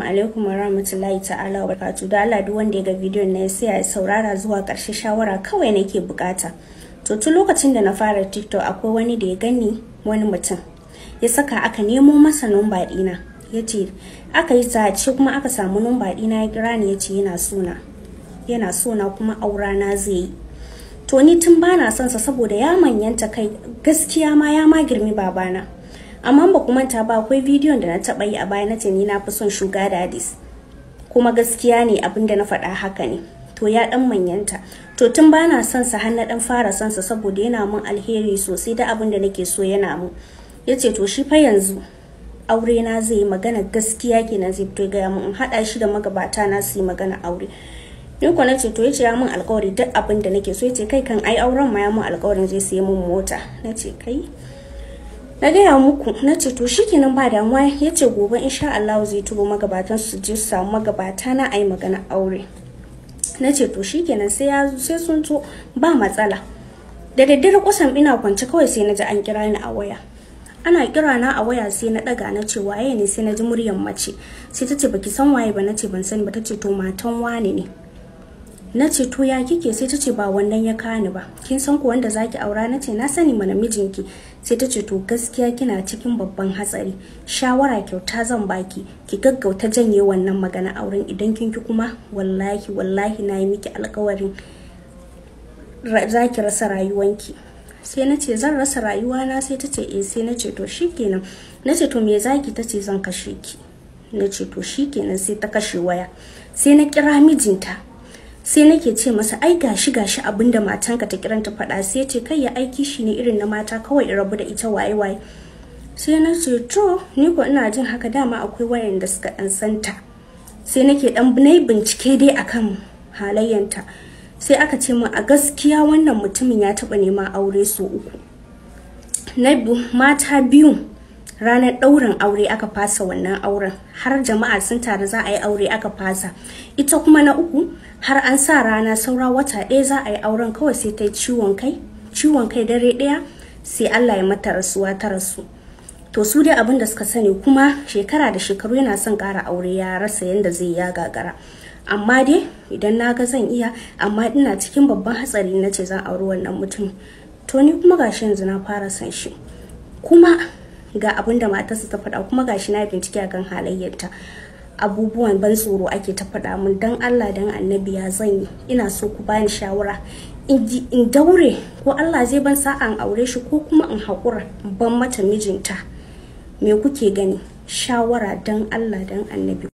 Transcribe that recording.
alaikum warahmatullahi ta'ala wa barakatuh da Allah duk wanda ya ga bidiyon na sai ya saurara zuwa karshe shawara kawai nake bukata to tun lokacin da na fara TikTok akwai wani da ya gani wani mutum ya saka aka nemo masa numba dina yace aka yi zace kuma aka samu numba dina ya kira ni yace yana sona yana suna kuma aura na zai yi to ni tun bana son sa saboda ya manyanta kai gaskiya ma ya ma girmi babana amma ba ku manta ba akwai bidiyon da na taba yi a baya na ce ni na fi son shuga dadis kuma gaskiya ne abin da na faɗa haka ne to ya dan manyanta to tun ba na son sa har na dan fara son sa saboda yana mun alheri sosai da abin da nake so yana mun yace to shi fa yanzu aure na zai yi magana gaskiya kenan zai fito gaya mun in haɗa shi da magabata na su yi magana aure ni ko nace to yace ya mun alƙawari duk abin da nake so yace kai kan ai auren ma ya mun alƙawarin zai saya mun mota nace kai na gaya muku na ce to kenan ba damuwa ya ce gobe insha Allah zai tubo magabatan su je su samu magabata na ayi magana aure na ce to kenan sai ya sai sun zo ba matsala da daddare kusan ina kwance kawai sai na ji an kira ni a waya ana kira na a waya sai na daga na ce waye ne sai na ji muryar mace sai ta ce baki san waye ba na ce ban sani ba ta ce to matan wane ne na ce to ya kike sai ta ce ba wannan ya kani ba kin san ku wanda zaki aura na ce na sani mana mijinki sai ta ce to gaskiya kina cikin babban hatsari shawara kyauta zan baki ki gaggauta janye wannan magana auren idan kin ki kuma wallahi wallahi na yi miki alkawarin zaki rasa rayuwanki sai na ce zan rasa rayuwana sai ta ce eh sai na ce to shikenan na ce to me zaki ta ce zan kashe ki na ce to shikenan sai ta kashe waya sai na kira mijinta sai nake ce masa ai gashi gashi abinda matanka ta kiranta faɗa sai ya ce kai ya aiki shi ne irin na mata kawai in rabu da ita waye waye sai na ce to ni ko ina jin haka dama akwai wayanda suka dan santa sai nake dan nayi bincike dai akan halayyanta sai aka ce min a gaskiya wannan mutumin ya taɓa nema aure su uku na mata biyu ranar ɗaurin aure aka fasa wannan auren har jama'a sun taru za a yi aure aka fasa ita kuma na uku har an sa rana saura wata ɗaya za a yi auren kawai sai ta yi ciwon kai ciwon kai dare ɗaya sai allah ya mata rasuwa ta rasu to su dai abin da suka sani kuma shekara da shekaru yana son ƙara aure ya rasa yadda zai ya gagara amma dai idan na ga zan iya amma ina cikin babban hatsari na ce zan auri wannan mutum to ni kuma gashi yanzu na fara san shi kuma ga abin da matarsa ta faɗa kuma gashi na bincike akan halayyarta abubuwan ban tsoro ake ta faɗa mun dan Allah dan annabi ya zan yi ina so ku bani shawara in daure ko Allah zai ban sa'a in aure shi ko kuma in haƙura ban mata mijinta me kuke gani shawara dan Allah dan annabi